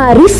Maris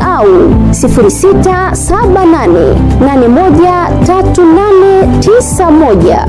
au 0678813891.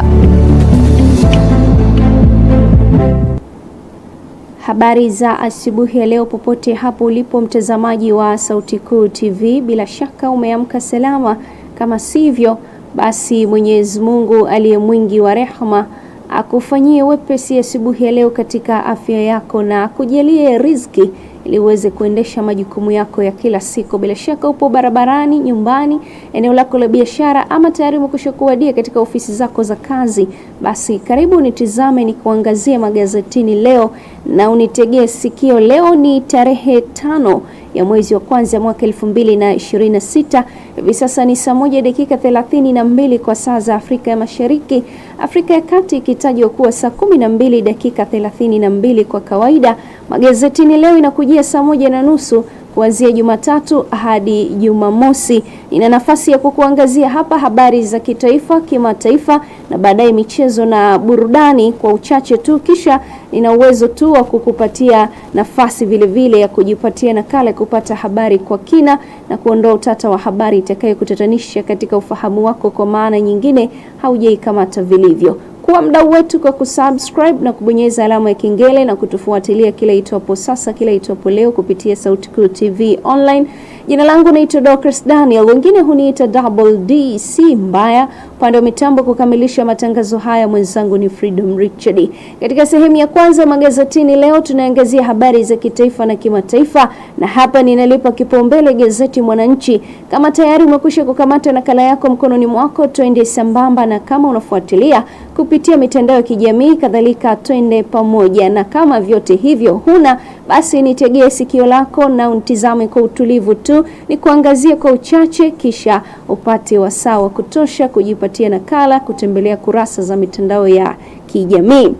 Habari za asubuhi ya leo popote hapo ulipo mtazamaji wa Sauti Kuu TV, bila shaka umeamka salama, kama sivyo basi Mwenyezi Mungu aliye mwingi wa rehema akufanyie wepesi asubuhi ya leo katika afya yako na akujalie riziki ili uweze kuendesha majukumu yako ya kila siku. Bila shaka upo barabarani, nyumbani, eneo lako la biashara, ama tayari umekwisha kuwadia katika ofisi zako za kazi, basi karibu nitizame, kuangazia magazetini leo na unitegee sikio. Leo ni tarehe tano ya mwezi wa kwanza mwaka elfu mbili na ishirini na sita. Hivi sasa ni saa moja dakika thelathini na mbili kwa saa za Afrika ya Mashariki, Afrika ya Kati ikitajwa kuwa saa kumi na mbili dakika thelathini na mbili kwa kawaida. Magazetini leo inakujia saa moja na nusu kuanzia Jumatatu hadi Jumamosi. Nina nafasi ya kukuangazia hapa habari za kitaifa, kimataifa na baadaye michezo na burudani kwa uchache tu, kisha nina uwezo tu wa kukupatia nafasi vile vile ya kujipatia nakala ya kupata habari kwa kina na kuondoa utata wa habari itakayokutatanisha katika ufahamu wako, kwa maana nyingine haujaikamata vilivyo kuwa mdau wetu kwa kusubscribe na kubonyeza alama ya kengele na kutufuatilia kila itwapo sasa, kila itwapo leo kupitia Sauti Kuu TV Online. Jina langu naitwa Dorcas Daniel, wengine huniita Double C Mbaya. Upande wa mitambo kukamilisha matangazo haya mwenzangu ni Freedom Richard. Katika sehemu ya kwanza magazetini leo, tunaangazia habari za kitaifa na kimataifa, na hapa ninalipa kipaumbele gazeti Mwananchi. Kama tayari umekwisha kukamata nakala yako mkononi mwako, twende sambamba, na kama unafuatilia kupitia kupitia mitandao ya kijamii kadhalika, twende pamoja. Na kama vyote hivyo huna, basi nitegee sikio lako na untizame kwa utulivu tu, ni kuangazia kwa uchache, kisha upate wasaa wa kutosha kujipatia nakala, kutembelea kurasa za mitandao ya kijamii.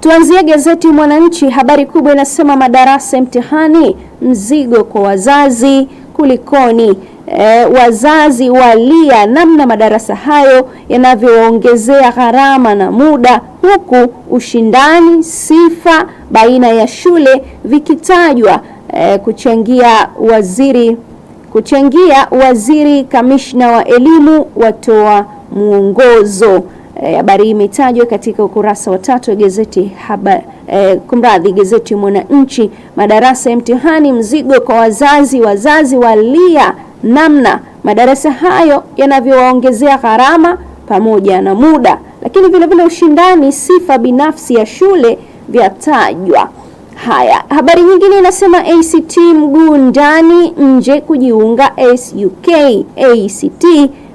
Tuanzie gazeti Mwananchi, habari kubwa inasema madarasa mtihani mzigo kwa wazazi kulikoni? E, wazazi walia namna madarasa hayo yanavyoongezea gharama na muda, huku ushindani sifa baina ya shule vikitajwa e, kuchangia waziri kuchangia waziri kamishna wa elimu watoa mwongozo. E, habari e, hii imetajwa katika ukurasa wa tatu wa gazeti Habari eh, kumradhi, gazeti Mwananchi, madarasa ya mtihani mzigo kwa wazazi, wazazi walia namna madarasa hayo yanavyowaongezea gharama pamoja na muda, lakini vile vile ushindani, sifa binafsi ya shule vyatajwa. Haya, habari nyingine inasema ACT mguu ndani nje kujiunga SUK. ACT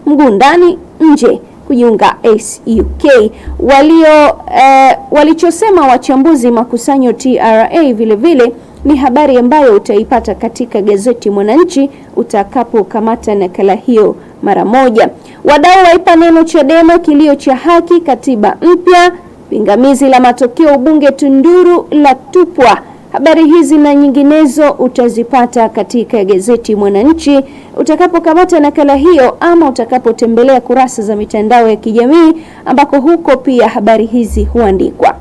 mguu ndani nje kujiunga SUK. Walio eh, walichosema wachambuzi makusanyo TRA vile vile ni habari ambayo utaipata katika gazeti Mwananchi utakapokamata nakala hiyo mara moja. Wadau waipa neno Chadema kilio cha haki, katiba mpya, pingamizi la matokeo ubunge Tunduru la tupwa. Habari hizi na nyinginezo utazipata katika gazeti Mwananchi utakapokamata nakala hiyo ama utakapotembelea kurasa za mitandao ya kijamii ambako huko pia habari hizi huandikwa.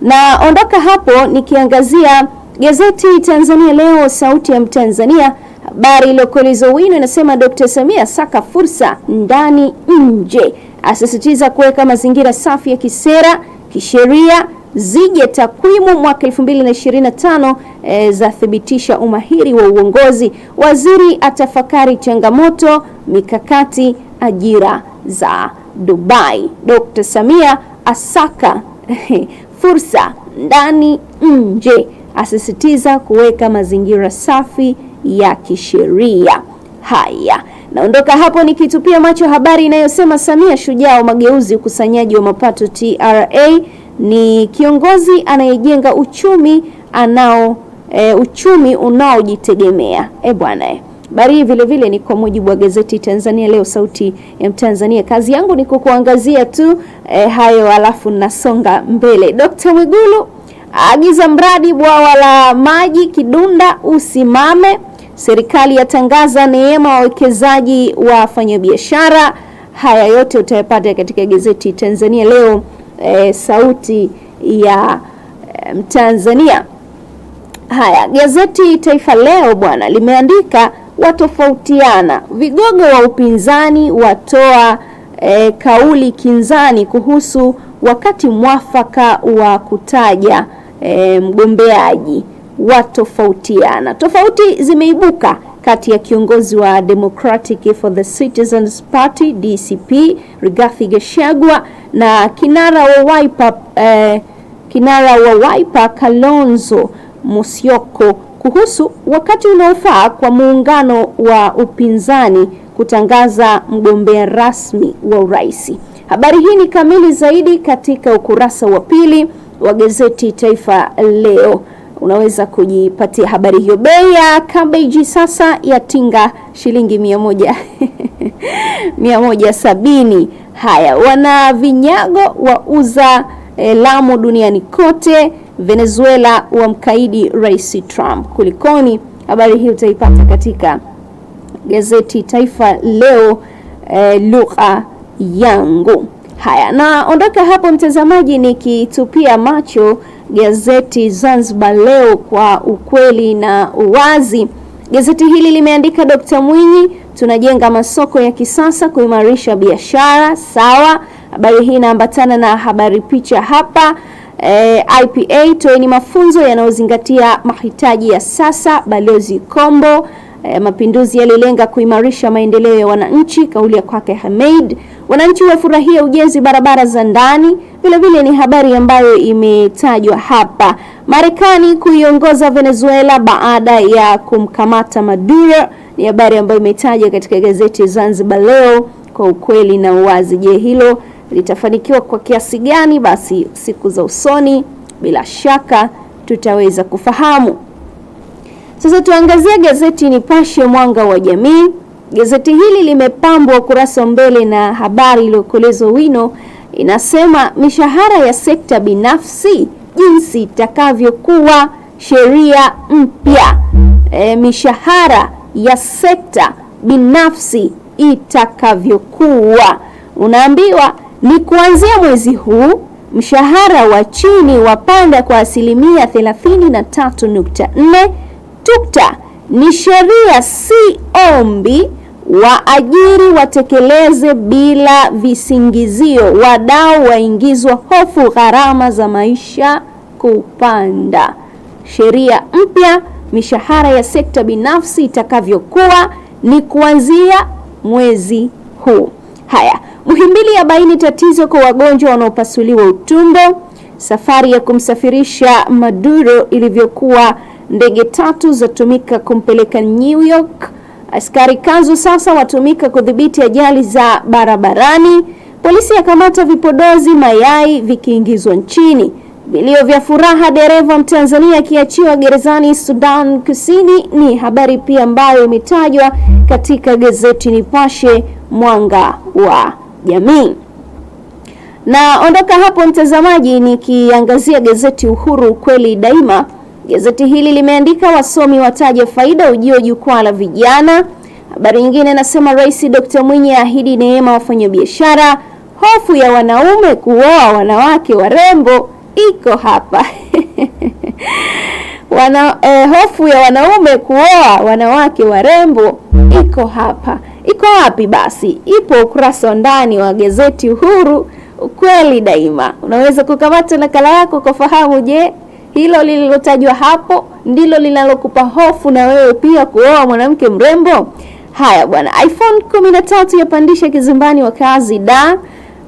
Na ondoka hapo nikiangazia gazeti Tanzania Leo, sauti ya Mtanzania. Habari iliyokolezwa wino inasema Dkt. Samia saka fursa ndani nje, asisitiza kuweka mazingira safi ya kisera, kisheria zije takwimu mwaka 2025 e, eh, za thibitisha umahiri wa uongozi. Waziri atafakari changamoto mikakati ajira za Dubai. Dkt. Samia asaka fursa ndani nje, asisitiza kuweka mazingira safi ya kisheria. Haya, naondoka hapo nikitupia macho habari inayosema Samia shujaa wa mageuzi, ukusanyaji wa mapato TRA ni kiongozi anayejenga uchumi anao e, uchumi unaojitegemea e bwana e. Habari hii vile vile ni kwa mujibu wa gazeti Tanzania Leo, sauti ya Mtanzania. Kazi yangu ni kukuangazia tu e, hayo alafu nasonga mbele. Dkt. Mwigulu agiza mradi bwawa la maji Kidunda usimame. Serikali yatangaza neema wawekezaji wa wafanyabiashara. Haya yote utayapata katika gazeti Tanzania Leo e, sauti ya e, Mtanzania. Haya, gazeti Taifa Leo bwana limeandika watofautiana, vigogo wa upinzani watoa e, kauli kinzani kuhusu wakati mwafaka wa kutaja e, mgombeaji. Watofautiana, tofauti zimeibuka kati ya kiongozi wa Democratic for the Citizens Party DCP Rigathi Gachagua na kinara wa Wiper, eh, kinara wa Wiper Kalonzo Musyoko kuhusu wakati unaofaa kwa muungano wa upinzani kutangaza mgombea rasmi wa urais. Habari hii ni kamili zaidi katika ukurasa wa pili wa gazeti Taifa Leo unaweza kujipatia habari hiyo. Bei ya kabeji sasa ya tinga shilingi mia moja mia moja sabini. Haya, wana vinyago wauza e, Lamu duniani kote. Venezuela wamkaidi Rais Trump, kulikoni? Habari hii utaipata katika gazeti Taifa Leo e, lugha yangu. Haya, naondoka hapo mtazamaji, nikitupia macho gazeti Zanzibar Leo kwa ukweli na uwazi. Gazeti hili limeandika Dkt. Mwinyi, tunajenga masoko ya kisasa kuimarisha biashara. Sawa, habari hii inaambatana na habari picha hapa. E, eh, IPA toeni mafunzo yanayozingatia mahitaji ya sasa. Balozi Kombo eh, mapinduzi yalilenga kuimarisha maendeleo ya wananchi, kauli ya kwake hamed Wananchi wafurahia ujenzi barabara za ndani, vilevile ni habari ambayo imetajwa hapa. Marekani kuiongoza Venezuela baada ya kumkamata Maduro ni habari ambayo imetajwa katika gazeti Zanzibar Leo kwa ukweli na uwazi. Je, hilo litafanikiwa kwa kiasi gani? Basi siku za usoni bila shaka tutaweza kufahamu. Sasa tuangazie gazeti Nipashe Mwanga wa Jamii. Gazeti hili limepambwa ukurasa mbele na habari iliyokolezwa wino inasema, mishahara ya sekta binafsi jinsi itakavyokuwa sheria mpya. E, mishahara ya sekta binafsi itakavyokuwa, unaambiwa ni kuanzia mwezi huu mshahara wa chini wapanda kwa asilimia 33.4 tukta ni sheria, si ombi. Waajiri watekeleze bila visingizio, wadau waingizwa hofu, gharama za maisha kupanda. Sheria mpya mishahara ya sekta binafsi itakavyokuwa ni kuanzia mwezi huu. Haya, Muhimbili yabaini tatizo kwa wagonjwa wanaopasuliwa utumbo. Safari ya kumsafirisha Maduro ilivyokuwa Ndege tatu zatumika kumpeleka New York. Askari kanzu sasa watumika kudhibiti ajali za barabarani. Polisi yakamata vipodozi mayai vikiingizwa nchini. Vilio vya furaha dereva Mtanzania akiachiwa gerezani Sudan Kusini ni habari pia ambayo imetajwa katika gazeti Nipashe Mwanga wa Jamii. Naondoka hapo mtazamaji, nikiangazia gazeti Uhuru ukweli daima. Gazeti hili limeandika wasomi wataja faida ujio jukwaa la vijana. Habari nyingine inasema Rais Dr. Mwinyi ahidi neema wafanyabiashara. Hofu ya wanaume kuoa wanawake warembo iko hapa Wana, eh, hofu ya wanaume kuoa wanawake warembo iko hapa. Iko wapi basi? Ipo ukurasa wa ndani wa gazeti Uhuru, ukweli daima. Unaweza kukamata nakala yako kwa fahamu. Je, hilo lililotajwa hapo ndilo linalokupa hofu na wewe pia kuoa mwanamke mrembo? Haya bwana, iPhone 13 yapandisha kizimbani wakazi da.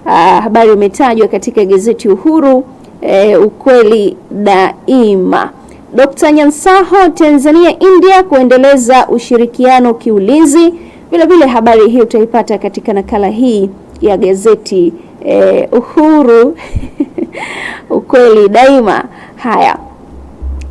Ah, habari imetajwa katika gazeti Uhuru eh, ukweli daima. Dr. Nyansaho Tanzania India kuendeleza ushirikiano kiulinzi. Vilevile habari hii utaipata katika nakala hii ya gazeti eh, uhuru ukweli daima. Haya,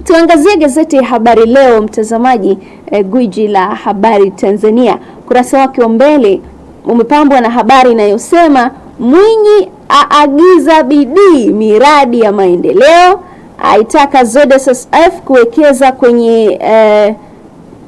tuangazie gazeti ya Habari Leo, mtazamaji, eh, gwiji la habari Tanzania. Kurasa wake wa mbele umepambwa na habari inayosema Mwinyi aagiza bidii miradi ya maendeleo, aitaka ZSSF kuwekeza kwenye eh,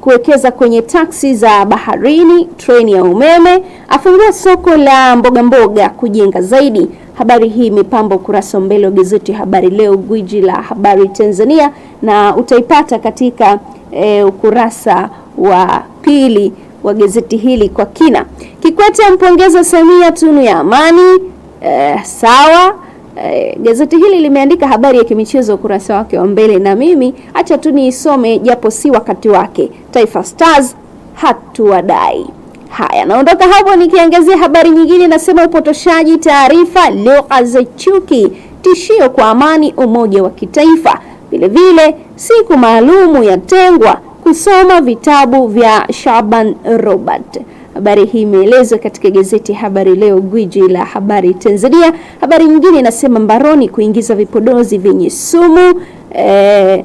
kuwekeza kwenye taksi za baharini, treni ya umeme, afungua soko la mbogamboga mboga kujenga zaidi. Habari hii imepamba ukurasa wa mbele wa gazeti Habari Leo, gwiji la habari Tanzania, na utaipata katika e, ukurasa wa pili wa gazeti hili kwa kina. Kikwete ampongeza Samia tunu ya amani. E, sawa Eh, gazeti hili limeandika habari ya kimichezo ukurasa wake wa mbele, na mimi acha tu niisome japo si wakati wake. Taifa Stars hatuwadai. Haya, naondoka hapo nikiangazia habari nyingine, nasema upotoshaji taarifa, lugha za chuki, tishio kwa amani, umoja wa kitaifa. Vilevile siku maalumu yatengwa kusoma vitabu vya Shaban Robert. Habari hii imeelezwa katika gazeti Habari Leo, gwiji la habari Tanzania. Habari nyingine inasema mbaroni kuingiza vipodozi vyenye sumu. E,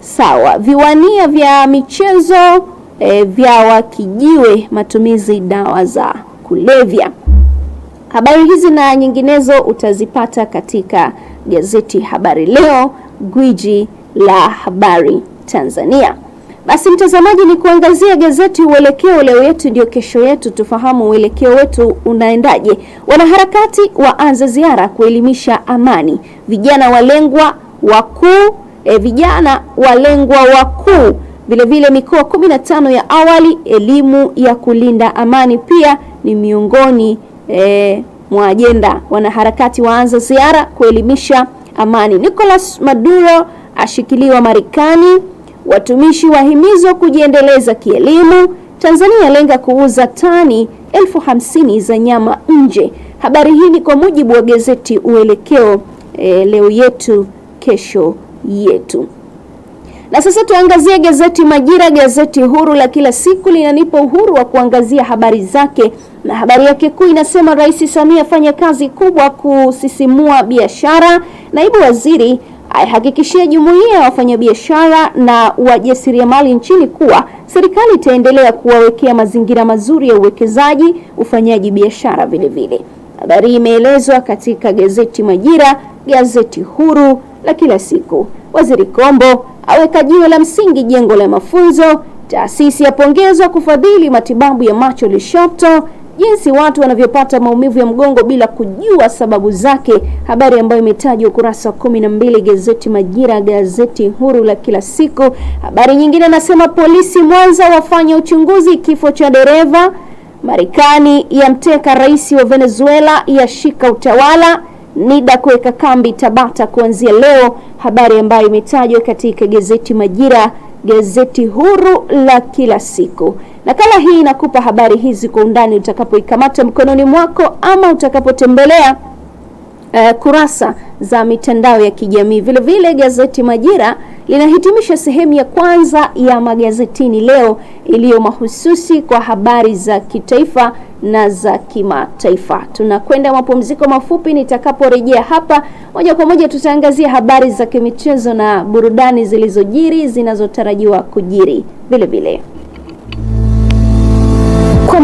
sawa, viwania vya michezo e, vya wakijiwe matumizi dawa za kulevya. Habari hizi na nyinginezo utazipata katika gazeti Habari Leo, gwiji la habari Tanzania. Basi mtazamaji, ni kuangazia gazeti Uelekeo, leo yetu ndio kesho yetu. Tufahamu uelekeo wetu unaendaje. Wanaharakati waanza ziara kuelimisha amani, vijana walengwa wakuu e, vijana walengwa wakuu vilevile. Mikoa 15 ya awali elimu ya kulinda amani pia ni miongoni e, mwa ajenda. Wanaharakati waanza ziara kuelimisha amani. Nicolas Maduro ashikiliwa Marekani. Watumishi wahimizwa kujiendeleza kielimu. Tanzania lenga kuuza tani elfu hamsini za nyama nje. Habari hii ni kwa mujibu wa gazeti Uelekeo, e, leo yetu kesho yetu. Na sasa tuangazie gazeti Majira, gazeti huru la kila siku, linanipa uhuru wa kuangazia habari zake, na habari yake kuu inasema Rais Samia afanya kazi kubwa kusisimua biashara. Naibu waziri aihakikishia jumuiya ya wafanyabiashara na wajasiriamali nchini kuwa serikali itaendelea kuwawekea mazingira mazuri ya uwekezaji, ufanyaji biashara vilevile. Habari imeelezwa katika gazeti Majira, gazeti huru la kila siku. Waziri Kombo aweka jiwe la msingi jengo la mafunzo. Taasisi yapongezwa kufadhili matibabu ya macho Lushoto jinsi watu wanavyopata maumivu ya mgongo bila kujua sababu zake, habari ambayo imetajwa ukurasa wa kumi na mbili gazeti Majira, gazeti huru la kila siku. Habari nyingine anasema polisi Mwanza wafanya uchunguzi kifo cha dereva. Marekani yamteka rais wa Venezuela, yashika utawala NIDA kuweka kambi Tabata kuanzia leo, habari ambayo imetajwa katika gazeti Majira gazeti huru la kila siku. Nakala hii inakupa habari hizi kwa undani utakapoikamata mkononi mwako ama utakapotembelea uh, kurasa za mitandao ya kijamii. Vilevile gazeti Majira linahitimisha sehemu ya kwanza ya magazetini leo iliyo mahususi kwa habari za kitaifa na za kimataifa. Tunakwenda mapumziko mafupi, nitakaporejea hapa moja kwa moja tutaangazia habari za kimichezo na burudani zilizojiri zinazotarajiwa kujiri vilevile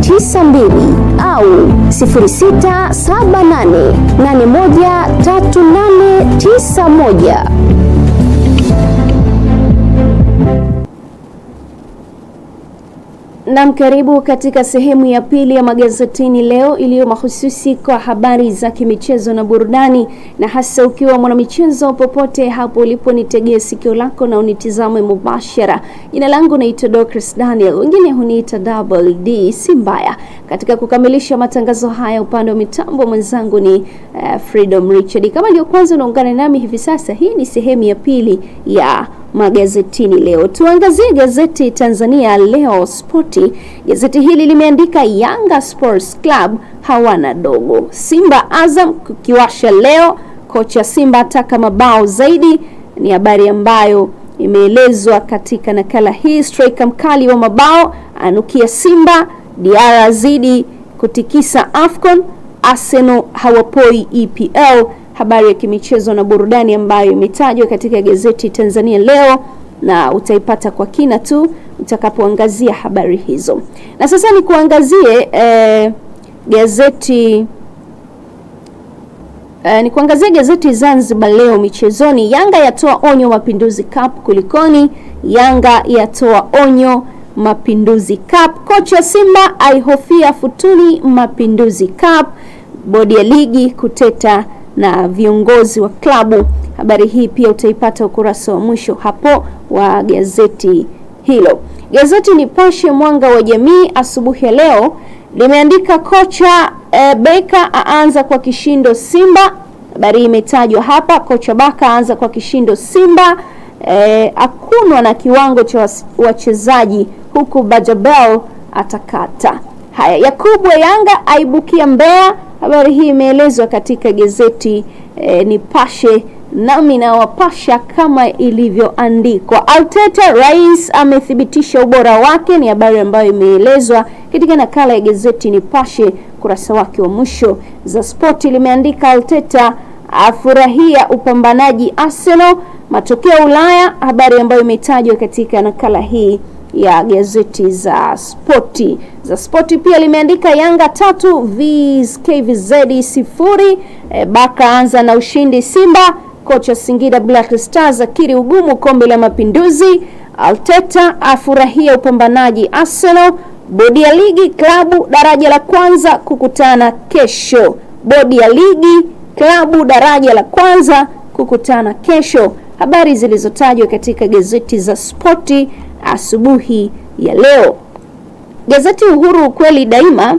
tisa mbili au sifuri sita saba nane nane nane moja tatu tisa moja Nam, karibu katika sehemu ya pili ya magazetini leo iliyo mahususi kwa habari za kimichezo na burudani, na hasa ukiwa mwanamichezo popote hapo ulipo, nitegee sikio lako na unitizame mubashara. Jina langu naitwa Dorcas Daniel, wengine huniita Double D, si mbaya. Katika kukamilisha matangazo haya upande wa mitambo mwenzangu ni uh, Freedom Richard. Kama ndio kwanza unaungana nami hivi sasa, hii ni sehemu ya pili ya magazetini leo. Tuangazie gazeti Tanzania Leo Sporti. Gazeti hili limeandika Yanga Sports Club hawana dogo, Simba Azam kukiwasha leo, kocha Simba ataka mabao zaidi, ni habari ambayo imeelezwa katika nakala hii. Striker mkali wa mabao anukia Simba, Diara zidi kutikisa AFCON, Arsenal hawapoi EPL habari ya kimichezo na burudani ambayo imetajwa katika gazeti Tanzania Leo na utaipata kwa kina tu utakapoangazia habari hizo. Na sasa ni kuangazie eh, gazeti eh, ni kuangazia gazeti Zanzibar Leo michezoni. Yanga yatoa onyo Mapinduzi Cup, kulikoni? Yanga yatoa onyo Mapinduzi Cup, kocha Simba aihofia futuni Mapinduzi Cup, bodi ya ligi kuteta na viongozi wa klabu. Habari hii pia utaipata ukurasa wa mwisho hapo wa gazeti hilo. Gazeti Nipashe Mwanga wa Jamii asubuhi ya leo limeandika kocha e, Beka aanza kwa kishindo Simba. Habari hii imetajwa hapa, kocha Baka aanza kwa kishindo Simba. E, akunwa na kiwango cha wachezaji huku Bajabel atakata. Haya, Yakubu Yanga aibukia Mbeya Habari hii imeelezwa katika gazeti eh, Nipashe nami nawapasha kama ilivyoandikwa. Arteta, rais amethibitisha ubora wake, ni habari ambayo imeelezwa katika nakala ya gazeti Nipashe kurasa wake wa mwisho. Za Spoti limeandika Arteta afurahia upambanaji Arsenal, matokeo Ulaya, habari ambayo imetajwa katika nakala hii ya gazeti za Spoti. The Sporti pia limeandika Yanga tatu KVZ sifuri. E, eh, Baka anza na ushindi Simba. Kocha Singida Black Stars akiri ugumu kombe la Mapinduzi. Alteta afurahia upambanaji Arsenal. Bodi ya ligi klabu daraja la kwanza kukutana kesho. Bodi ya ligi klabu daraja la kwanza kukutana kesho. Habari zilizotajwa katika gazeti za spoti asubuhi ya leo. Gazeti Uhuru ukweli daima,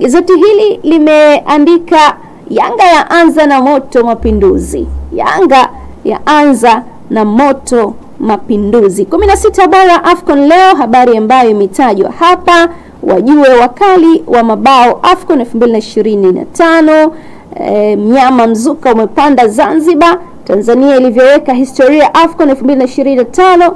gazeti hili limeandika Yanga ya anza na moto mapinduzi, Yanga ya anza na moto mapinduzi. 16 bora Afcon leo, habari ambayo imetajwa hapa, wajue wakali wa mabao Afcon 2025. E, eh, mnyama mzuka umepanda Zanzibar. Tanzania ilivyoweka historia Afcon 2025.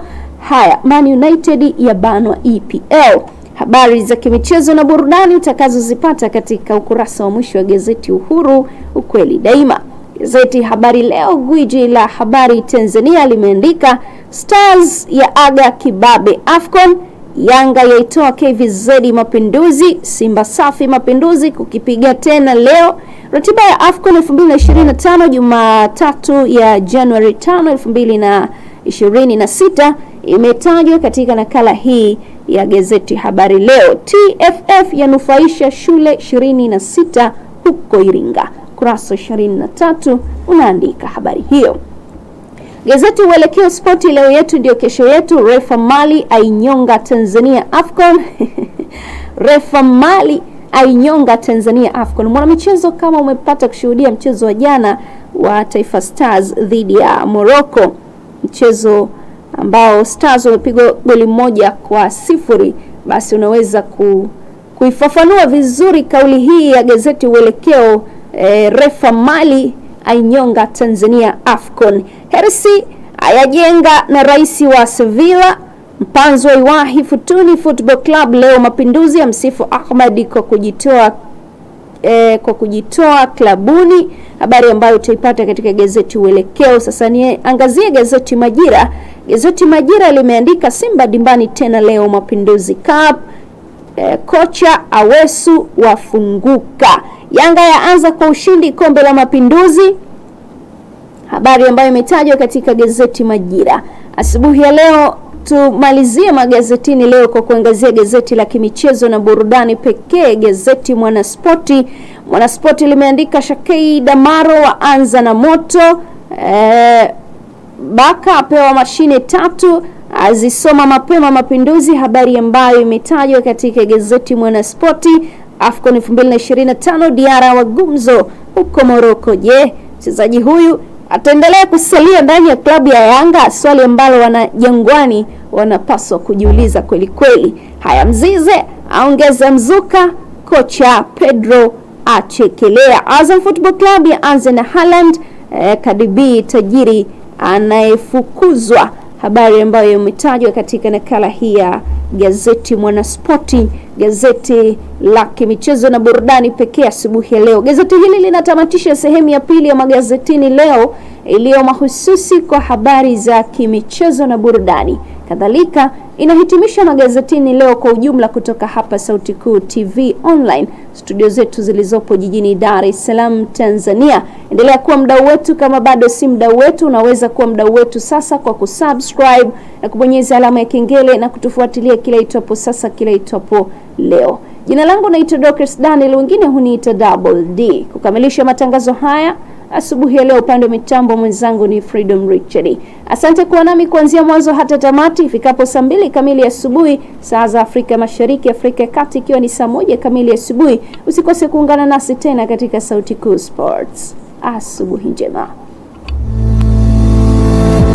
Haya, Man United yabanwa EPL. Habari za kimichezo na burudani utakazozipata katika ukurasa wa mwisho wa gazeti Uhuru, ukweli daima. Gazeti Habari Leo, gwiji la habari Tanzania, limeandika Stars ya aga kibabe AFCON, Yanga yaitoa KVZ Mapinduzi, Simba safi Mapinduzi kukipiga tena leo. Ratiba ya AFCON 2025 Jumatatu ya Januari 5, 2026 imetajwa katika nakala hii ya gazeti Habari Leo. TFF yanufaisha shule 26 huko Iringa, kurasa 23 unaandika habari hiyo. Gazeti Uelekeo Spoti, leo yetu ndio kesho yetu. Refa Mali ainyonga Tanzania Afcon Refa Mali ainyonga Tanzania Afcon. Mwanamichezo, kama umepata kushuhudia mchezo wa jana wa Taifa Stars dhidi ya Morocco, mchezo ambao Stars wamepigwa goli moja kwa sifuri, basi unaweza ku, kuifafanua vizuri kauli hii ya gazeti Uelekeo. E, refa Mali ainyonga Tanzania Afcon. Hersi ayajenga na rais wa Sevilla. Mpanzo Iwahi Futuni Football Club. Leo Mapinduzi ya msifu Ahmed kwa kujitoa E, kwa kujitoa klabuni, habari ambayo utaipata katika gazeti Uelekeo. Sasa niangazie gazeti Majira. Gazeti Majira limeandika Simba dimbani tena leo Mapinduzi Cup. E, kocha Awesu wafunguka. Yanga yaanza kwa ushindi kombe la Mapinduzi, habari ambayo imetajwa katika gazeti Majira asubuhi ya leo. Tumalizie magazetini leo kwa kuangazia gazeti la kimichezo na burudani pekee, gazeti Mwanaspoti. Mwanaspoti limeandika Shakei Damaro waanza na moto e, Baka apewa mashine tatu azisoma mapema mapinduzi, habari ambayo imetajwa katika gazeti Mwanaspoti. AFCON 2025 Diara wa gumzo huko Moroko. Je, mchezaji huyu ataendelea kusalia ndani ya klabu ya Yanga? Swali ambalo wana Jangwani wanapaswa kujiuliza kweli kweli. Haya, Mzize aongeza mzuka, kocha Pedro achekelea. Azam Football Club ya anze na Haaland. Eh, Kadibi tajiri anayefukuzwa, habari ambayo imetajwa katika nakala hii ya gazeti Mwanaspoti, gazeti la kimichezo na burudani pekee asubuhi ya leo. Gazeti hili linatamatisha sehemu ya pili ya magazetini leo iliyo mahususi kwa habari za kimichezo na burudani. Kadhalika inahitimisha magazetini leo kwa ujumla kutoka hapa Sauti Kuu TV Online, studio zetu zilizopo jijini Dar es Salaam, Tanzania. Endelea kuwa mdau wetu. Kama bado si mdau wetu, unaweza kuwa mdau wetu sasa kwa kusubscribe na kubonyeza alama ya kengele na kutufuatilia kila itwapo sasa, kila itwapo leo. Jina langu naitwa Dorcas Daniel, wengine huniita Double D. Kukamilisha matangazo haya asubuhi ya leo. Upande wa mitambo mwenzangu ni Freedom Richard. Asante kuwa nami kuanzia mwanzo hata tamati ifikapo saa mbili kamili asubuhi saa za Afrika Mashariki, Afrika ya Kati ikiwa ni saa moja kamili asubuhi. Usikose kuungana nasi tena katika Sauti Kuu Sports. Asubuhi njema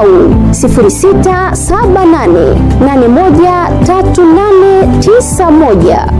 au 0678813891.